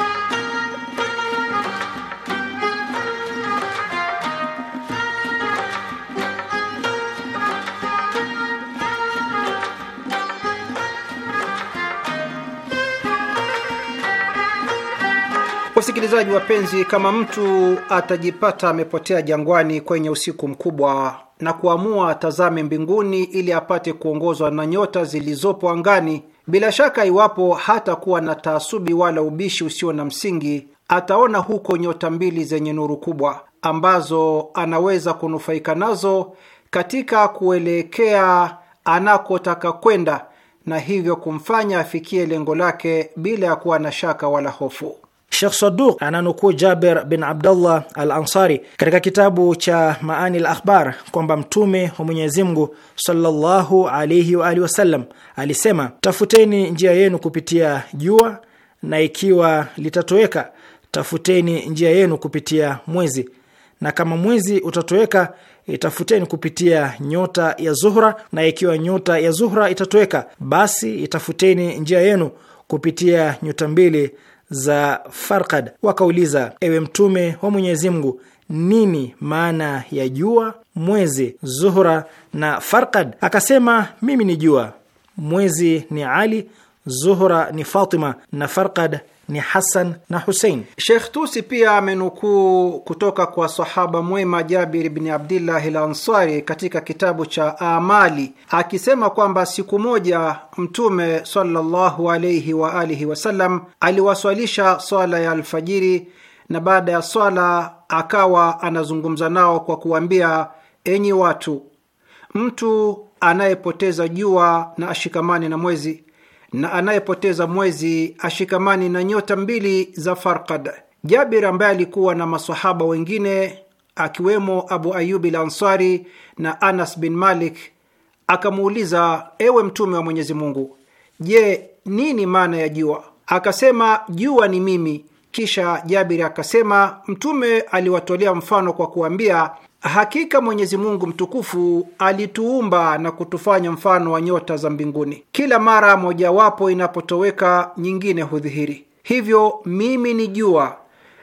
Wasikilizaji wapenzi, kama mtu atajipata amepotea jangwani kwenye usiku mkubwa na kuamua atazame mbinguni ili apate kuongozwa na nyota zilizopo angani, bila shaka, iwapo hatakuwa na taasubi wala ubishi usio na msingi, ataona huko nyota mbili zenye nuru kubwa ambazo anaweza kunufaika nazo katika kuelekea anakotaka kwenda na hivyo kumfanya afikie lengo lake bila ya kuwa na shaka wala hofu. Sheikh Saduq ananukuu Jaber bin Abdullah al Ansari katika kitabu cha Maani al Akhbar kwamba Mtume wa Mwenyezi Mungu sallallahu alayhi wa alihi wasallam alisema, tafuteni njia yenu kupitia jua, na ikiwa litatoweka, tafuteni njia yenu kupitia mwezi, na kama mwezi utatoweka itafuteni kupitia nyota ya Zuhra, na ikiwa nyota ya Zuhra itatoweka, basi itafuteni njia yenu kupitia nyota mbili za Farkad wakauliza, ewe Mtume wa Mwenyezi Mungu, nini maana ya jua, mwezi, Zuhura na Farkad? Akasema, mimi ni jua, mwezi ni Ali, Zuhura ni Fatima na Farqad ni Hasan na Husein. Shekh Tusi pia amenukuu kutoka kwa sahaba mwema Jabir bni Abdillahi l Ansari katika kitabu cha Amali akisema kwamba siku moja Mtume sallallahu alaihi waalihi wasallam aliwaswalisha swala ya alfajiri, na baada ya swala akawa anazungumza nao kwa kuwambia enyi watu, mtu anayepoteza jua na ashikamane na mwezi na anayepoteza mwezi ashikamani na nyota mbili za Farkad. Jabir ambaye alikuwa na masahaba wengine akiwemo Abu Ayubi la Ansari na Anas bin Malik akamuuliza, ewe Mtume wa Mwenyezi Mungu, je, nini maana ya jua? Akasema, jua ni mimi. Kisha Jabiri akasema, Mtume aliwatolea mfano kwa kuambia, Hakika Mwenyezi Mungu mtukufu alituumba na kutufanya mfano wa nyota za mbinguni. Kila mara mojawapo inapotoweka, nyingine hudhihiri. Hivyo mimi ni jua,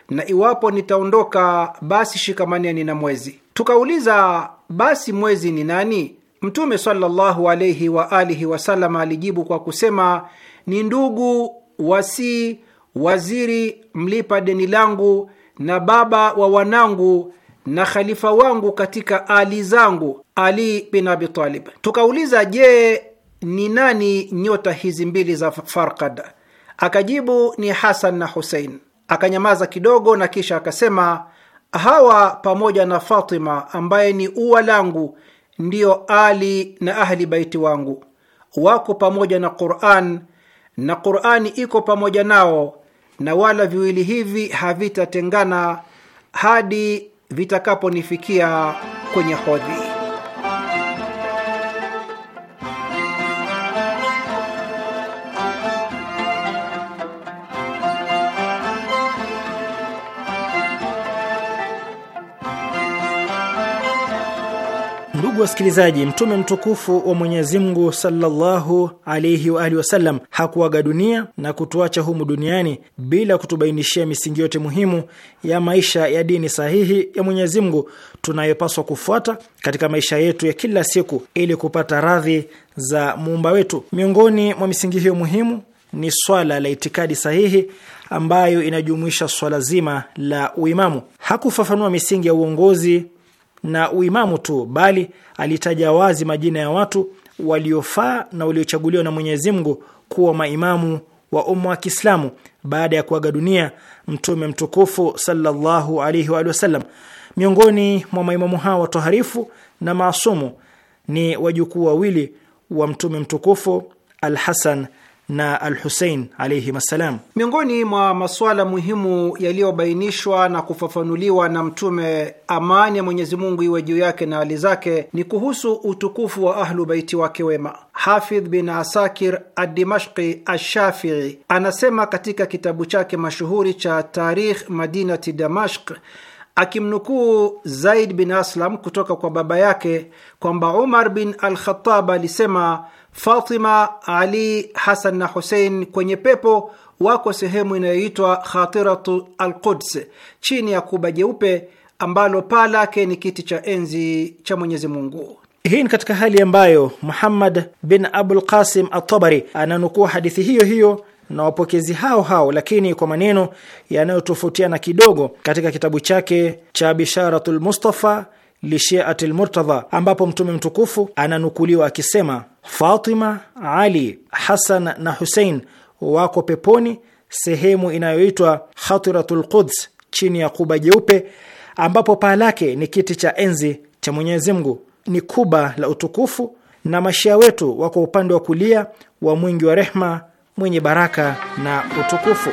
na iwapo nitaondoka, basi shikamaneni na mwezi. Tukauliza, basi mwezi ni nani? Mtume sallallahu alaihi wa alihi wasallam alijibu kwa kusema, ni ndugu, wasii, waziri, mlipa deni langu na baba wa wanangu na khalifa wangu katika ali zangu Ali bin Abi Talib. Tukauliza, je, ni nani nyota hizi mbili za Farkad? Akajibu, ni Hasan na Husein. Akanyamaza kidogo na kisha akasema, hawa pamoja na Fatima ambaye ni ua langu ndiyo Ali na ahli baiti wangu, wako pamoja na Quran na Qurani iko pamoja nao, na wala viwili hivi havitatengana hadi vitakaponifikia kwenye hodhi. wasikilizaji, Mtume mtukufu wa Mwenyezi Mungu sallallahu alaihi wa alihi wasallam hakuaga dunia na kutuacha humu duniani bila kutubainishia misingi yote muhimu ya maisha ya dini sahihi ya Mwenyezi Mungu tunayopaswa kufuata katika maisha yetu ya kila siku ili kupata radhi za muumba wetu. Miongoni mwa misingi hiyo muhimu ni swala la itikadi sahihi ambayo inajumuisha swala zima la uimamu. Hakufafanua misingi ya uongozi na uimamu tu, bali alitaja wazi majina ya watu waliofaa na waliochaguliwa na Mwenyezi Mungu kuwa maimamu wa umma wa Kiislamu baada ya kuaga dunia Mtume mtukufu sallallahu alaihi wa sallam. Miongoni mwa maimamu hao watoharifu na maasumu ni wajukuu wawili wa Mtume mtukufu Al-Hasan na al Husein alaihim assalam. Miongoni mwa masuala muhimu yaliyobainishwa na kufafanuliwa na Mtume, amani ya Mwenyezi Mungu iwe juu yake na hali zake, ni kuhusu utukufu wa Ahlu Baiti wake wema. Hafidh bin Asakir Adimashki Ashafii anasema katika kitabu chake mashuhuri cha Tarikh Madinati Damashq akimnukuu Zaid bin Aslam kutoka kwa baba yake kwamba Umar bin Alkhatab alisema Fatima, Ali, Hasan na Husein kwenye pepo wako sehemu inayoitwa Khatiratu al-Quds chini ya kuba jeupe ambalo paa lake ni kiti cha enzi cha Mwenyezi Mungu. Hii ni katika hali ambayo Muhammad bin Abul Qasim at-Tabari ananukua hadithi hiyo hiyo na wapokezi hao hao lakini kwa maneno yanayotofautiana kidogo katika kitabu chake cha Bisharatul Mustafa lishiatil Murtadha ambapo mtume mtukufu ananukuliwa akisema Fatima, Ali, Hasan na Husein wako peponi sehemu inayoitwa Khatiratul Quds chini ya kuba jeupe ambapo paa lake ni kiti cha enzi cha Mwenyezi Mungu. Ni kuba la utukufu na mashia wetu wako upande wa kulia wa mwingi wa rehma mwenye baraka na utukufu.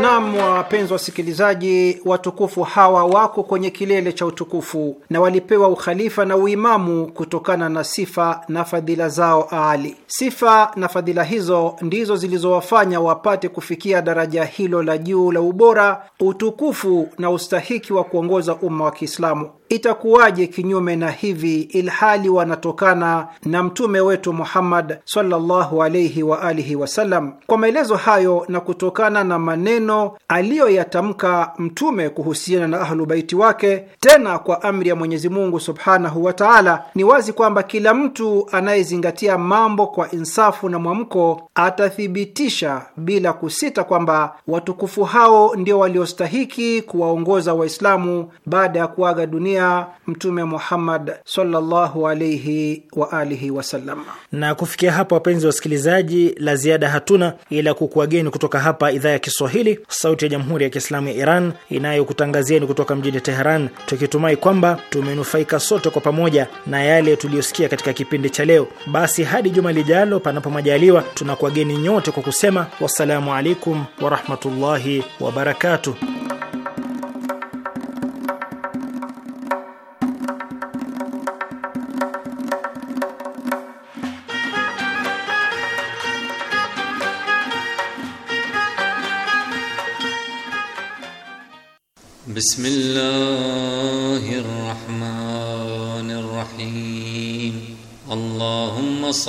Naam, wapenzi wasikilizaji, watukufu hawa wako kwenye kilele cha utukufu na walipewa ukhalifa na uimamu kutokana na sifa na fadhila zao aali. Sifa na fadhila hizo ndizo zilizowafanya wapate kufikia daraja hilo la juu la ubora, utukufu na ustahiki wa kuongoza umma wa Kiislamu itakuwaje kinyume na hivi, ilhali wanatokana na mtume wetu Muhammad sallallahu alayhi wa alihi wasallam? Kwa maelezo hayo na kutokana na maneno aliyoyatamka mtume kuhusiana na ahlu baiti wake, tena kwa amri ya Mwenyezi Mungu subhanahu wa taala, ni wazi kwamba kila mtu anayezingatia mambo kwa insafu na mwamko atathibitisha bila kusita kwamba watukufu hao ndio waliostahiki kuwaongoza Waislamu baada ya kuaga dunia kumtegemea Mtume Muhammad sallallahu alaihi wa alihi wasallam. Na kufikia hapa, wapenzi wa wasikilizaji, la ziada hatuna ila kukuageni kutoka hapa idhaa ya Kiswahili, Sauti ya Jamhuri ya Kiislamu ya Iran inayokutangazieni kutoka mjini Teheran, tukitumai kwamba tumenufaika sote kwa pamoja na yale tuliyosikia katika kipindi cha leo. Basi hadi juma lijalo, panapo majaliwa, tunakuwageni nyote kwa kusema wassalamu alaikum warahmatullahi wabarakatuh.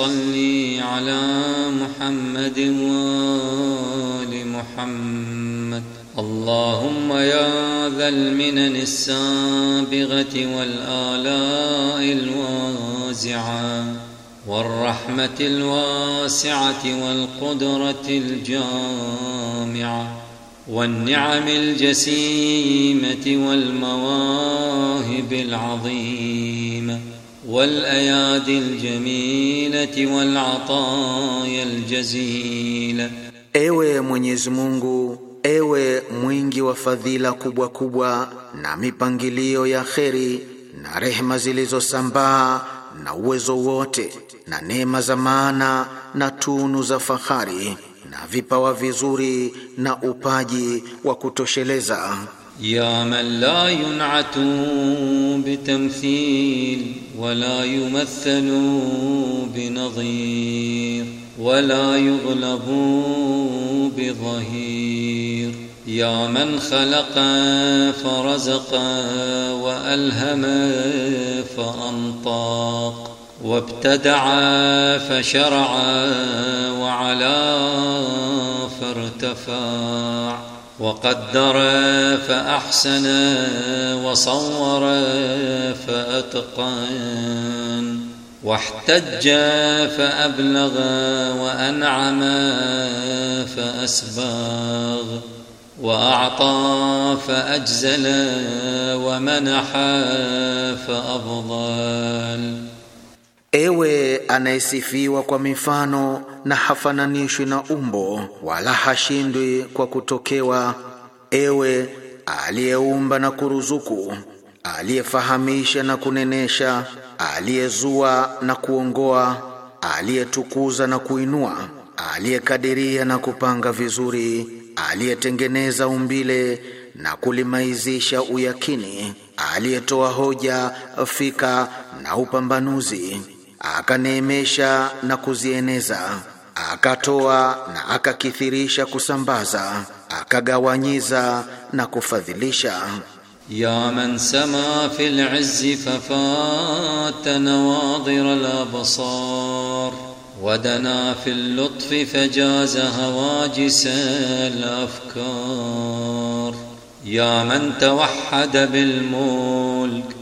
صل على محمد وآل محمد اللهم يا ذا المنن السابغة والآلاء الوازعة والرحمة الواسعة والقدرة الجامعة والنعم الجسيمة والمواهب العظيمة والأيادي الجميلة والعطايا الجزيلة Ewe Mwenyezi Mungu, ewe mwingi wa fadhila kubwa kubwa na mipangilio ya kheri na rehema zilizosambaa na uwezo wote na neema za maana na tunu za fahari na vipawa vizuri na upaji wa kutosheleza. يا من لا ينعت بتمثيل ولا يمثل بنظير ولا يغلب بظهير يا من خلق فرزق وألهم فأنطاق وابتدع فشرع وعلا فارتفع وقدر فأحسن وصور فأتقن واحتج فأبلغ وأنعم فأسباغ وأعطى فأجزل ومنح فأفضل Ewe anayesifiwa kwa mifano na hafananishwi na umbo wala hashindwi kwa kutokewa, ewe aliyeumba na kuruzuku, aliyefahamisha na kunenesha, aliyezua na kuongoa, aliyetukuza na kuinua, aliyekadiria na kupanga vizuri, aliyetengeneza umbile na kulimaizisha uyakini, aliyetoa hoja, fika na upambanuzi akaneemesha na kuzieneza, akatoa na akakithirisha kusambaza, akagawanyiza na kufadhilisha. ya man sama fil izzi fafata nawadhir al absar wadana fil lutfi fajaza hawajis al afkar ya man tawahhada bil mulk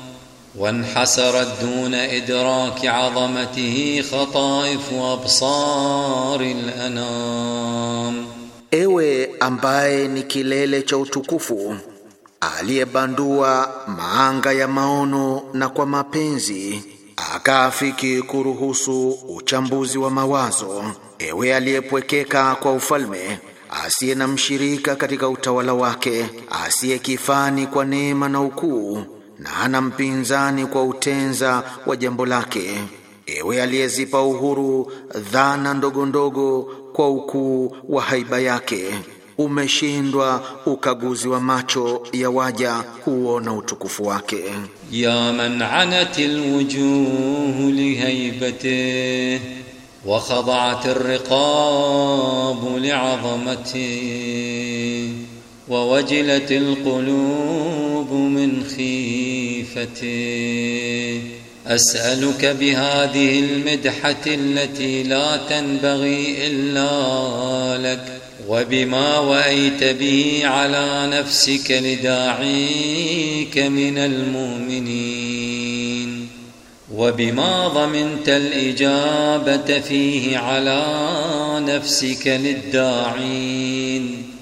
وانحسرت دون إدراك عظمته خطائف أبصار الأنام Ewe ambaye ni kilele cha utukufu aliyebandua maanga ya maono na kwa mapenzi akaafiki kuruhusu uchambuzi wa mawazo. Ewe aliyepwekeka kwa ufalme, asiye na mshirika katika utawala wake, asiye kifani kwa neema na ukuu na hana mpinzani kwa utenza wa jambo lake. Ewe aliyezipa uhuru dhana ndogo ndogo kwa ukuu wa haiba yake, umeshindwa ukaguzi wa macho ya waja huona utukufu wake. ya man anat alwujuh lihaibatihi wa khada'at alriqab li'azamatihi ووجلت القلوب من خيفته أسألك بهذه المدحة التي لا تنبغي إلا لك وبما وأيت به على نفسك لداعيك من المؤمنين وبما ضمنت الإجابة فيه على نفسك للداعين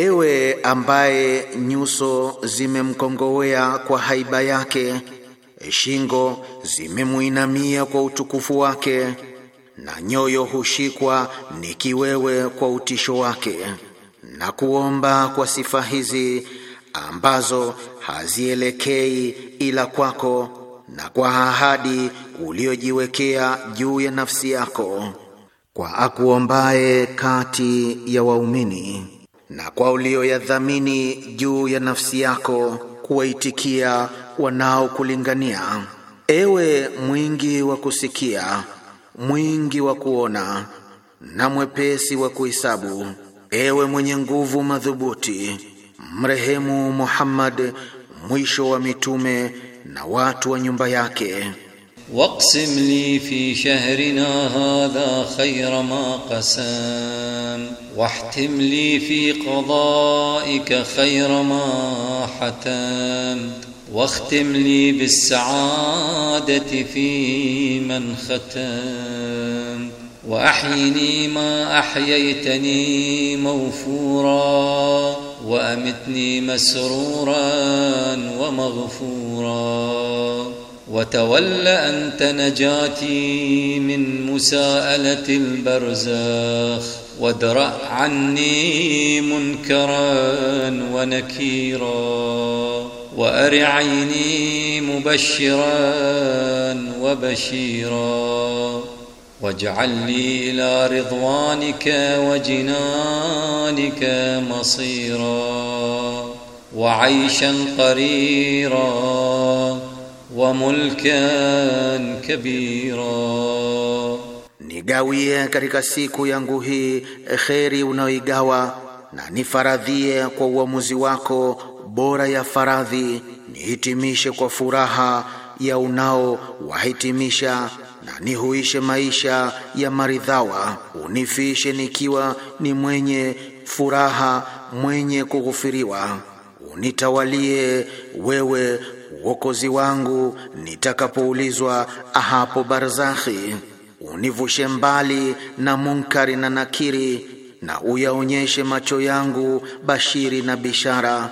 Ewe ambaye nyuso zimemkongowea kwa haiba yake, shingo zimemuinamia kwa utukufu wake, na nyoyo hushikwa ni kiwewe kwa utisho wake, na kuomba kwa sifa hizi ambazo hazielekei ila kwako na kwa ahadi uliojiwekea juu ya nafsi yako, kwa akuombaye kati ya waumini na kwa ulioyadhamini juu ya nafsi yako kuwaitikia wanaokulingania. Ewe mwingi wa kusikia, mwingi wa kuona na mwepesi wa kuhesabu, ewe mwenye nguvu madhubuti, mrehemu Muhammad mwisho wa mitume na watu wa nyumba yake. واقسم لي في شهرنا هذا خير ما قسم واحتم لي في قضائك خير ما حتم واختم لي بالسعادة في من ختم وأحيني ما أحييتني موفورا وأمتني مسرورا ومغفورا وتول أنت نجاتي من مساءلة البرزاخ وادرأ عني منكرا ونكيرا وارعيني عيني مبشرا وبشيرا واجعل لي إلى رضوانك وجنانك مصيرا وعيشا قريرا wamulkan kabira, nigawie katika siku yangu hii kheri unayoigawa, na nifaradhie kwa uamuzi wako bora ya faradhi, nihitimishe kwa furaha ya unaowahitimisha na nihuishe maisha ya maridhawa, unifishe nikiwa ni mwenye furaha, mwenye kughufiriwa, unitawalie wewe uokozi wangu nitakapoulizwa hapo barzakhi, univushe mbali na munkari na nakiri, na uyaonyeshe macho yangu bashiri na bishara,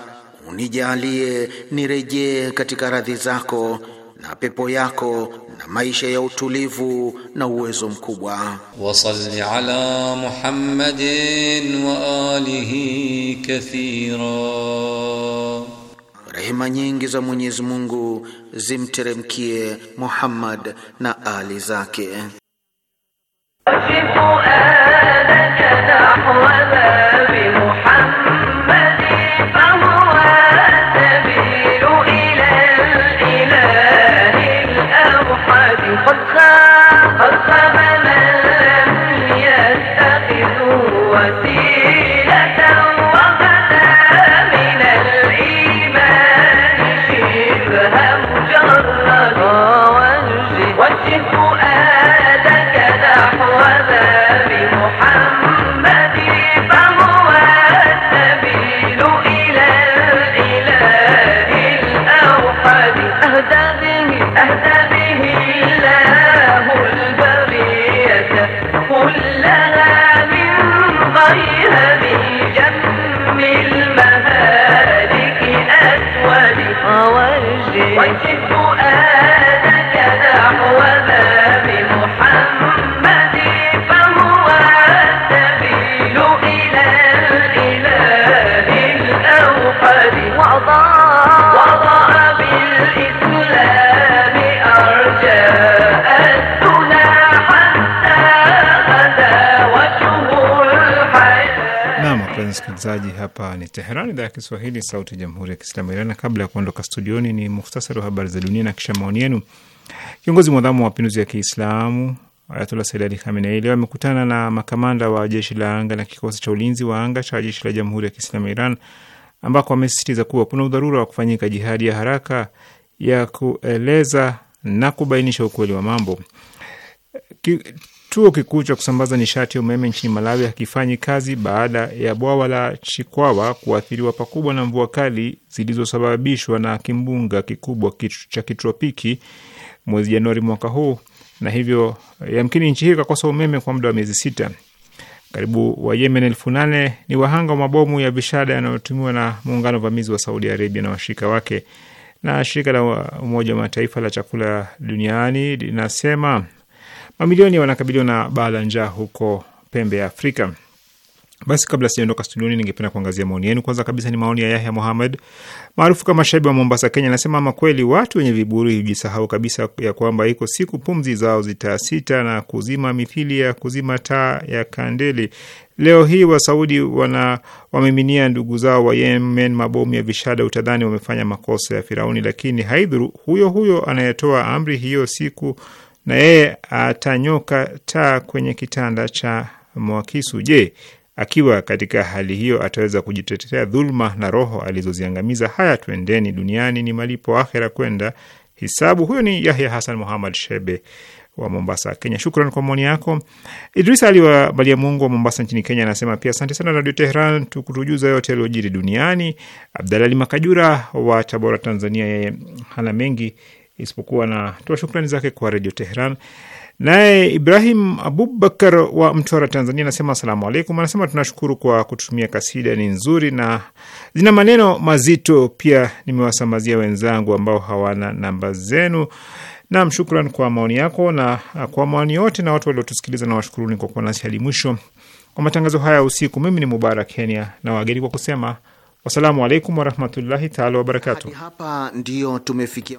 unijalie nirejee katika radhi zako na pepo yako na maisha ya utulivu na uwezo mkubwa. Wasalli ala Muhammadin wa alihi kathira Rehema nyingi za Mwenyezi Mungu zimteremkie Muhammad na ali zake. Hapa ni Teherani, idhaa ya Kiswahili, sauti ya jamhuri ya kiislamu ya Iran. Na kabla ya kuondoka studioni, ni muhtasari wa habari za dunia na kisha maoni yenu. Kiongozi mwadhamu wa mapinduzi ya Kiislamu Ayatullah Said Ali Khamenei leo amekutana na makamanda wa jeshi la anga na kikosi cha ulinzi wa anga cha jeshi la jamhuri ya kiislamu ya Iran, ambako amesisitiza kuwa kuna udharura wa kufanyika jihadi ya haraka ya kueleza na kubainisha ukweli wa mambo. Kituo kikuu cha kusambaza nishati ya umeme nchini Malawi hakifanyi kazi baada ya bwawa la Chikwawa kuathiriwa pakubwa na mvua kali zilizosababishwa na kimbunga kikubwa cha kitropiki mwezi Januari mwaka huu, na hivyo yamkini nchi hiyo ikakosa umeme kwa muda wa miezi sita. Karibu wa Yemen elfu nane ni wahanga wa mabomu ya vishada yanayotumiwa na muungano vamizi wa Saudi Arabia na washirika wake, na shirika la Umoja wa Mataifa la chakula duniani linasema Mamilioni wanakabiliwa na baa la njaa huko pembe ya Afrika. Basi kabla sijaondoka studioni, ningependa kuangazia maoni yenu. Kwanza kabisa ni maoni ya Yahya Muhamed maarufu kama Shaibi wa Mombasa, Kenya, anasema ama kweli watu wenye viburi hujisahau kabisa ya kwamba iko siku pumzi zao zitasita na kuzima mithili ya kuzima taa ya kandeli. Leo hii Wasaudi wana wamiminia ndugu zao wa Yemen mabomu ya vishada, utadhani wamefanya makosa ya Firauni, lakini haidhuru, huyo huyo anayetoa amri hiyo siku na yeye atanyoka taa kwenye kitanda cha mwakisu. Je, akiwa katika hali hiyo ataweza kujitetea dhuluma na roho alizoziangamiza? Haya, twendeni, Duniani ni malipo, akhera kwenda hisabu. Huyo ni Yahya Hasan Muhammad Shebe wa Mombasa, Kenya. Shukran kwa maoni yako. Idris Ali wa Balia Mungu wa Mombasa nchini Kenya anasema pia asante sana Radio Tehran tukutujuza yote yaliyojiri duniani. Abdalali Makajura wa Tabora, Tanzania, yeye hana mengi isipokuwa na toa shukrani zake kwa Redio Teheran. Naye Ibrahim Abubakar wa Mtwara, Tanzania anasema asalamu alaikum. Anasema tunashukuru kwa kutumia kasida, ni nzuri na zina maneno mazito. Pia nimewasambazia wenzangu ambao hawana namba zenu. Nam, shukran kwa maoni yako na kwa maoni yote na watu waliotusikiliza, na washukuruni kwa kuwa nasi hadi mwisho kwa matangazo haya usiku. Mimi ni Mubarak Kenya na wageni kwa kusema wasalamu alaikum warahmatullahi taala wabarakatu. hapa ndio tumefikia.